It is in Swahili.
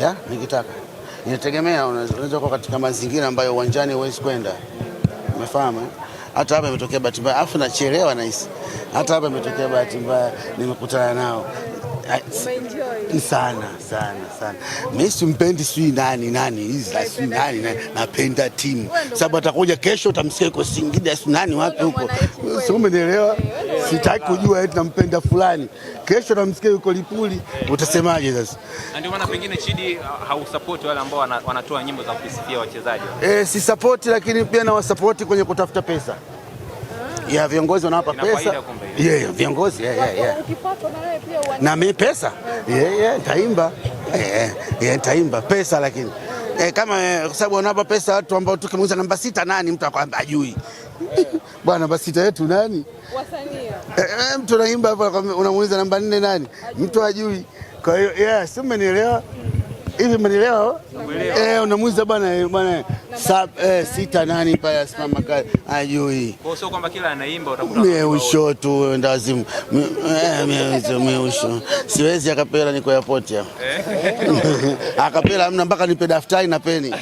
ya nikitaka inategemea, unaweza kuwa katika mazingira ambayo uwanjani huwezi kwenda, umefahamu. Eh? Hata hapa imetokea bahati mbaya, afu nachelewa hisi. Hata hapa imetokea bahati mbaya, nimekutana nao sana sana sana. Mimi simpendi sui nani nani hizi sui nani, napenda timu sababu atakuja kesho, utamsikia iko Singida sui nani wapi huko, si umenielewa? Sitaki kujua eti nampenda fulani, kesho namsikia yuko Lipuli, eh. utasemaje sasa? Ndio maana pengine Chidi uh, hausupport wale ambao wanatoa nyimbo za kusifia wachezaji. Eh, si support, lakini pia na wasupport kwenye kutafuta pesa ah. ya viongozi wanawapa pesa yeah, yeah, viongozi yeah, yeah, yeah. na mimi pesa yeah, yeah, taimba yeah, yeah, taimba pesa lakini eh, kama eh, kwa sababu wanawapa pesa watu ambao tukimuuliza namba sita nani, mtu akwambia ajui bwana, namba sita yetu nani? Wasanii eh, eh mtu anaimba hapo unamuuliza namba nne nani, mtu ajui Kwa hiyo yeah, si mmenielewa hivi, mmenielewa eh? Unamuuliza bwana bwana eh, sita nani pale asimama kale ajui. Kwa tu ndazimu meusho, eh, siwezi akapela, niko airport ya eh? akapela, amna mpaka nipe daftari na peni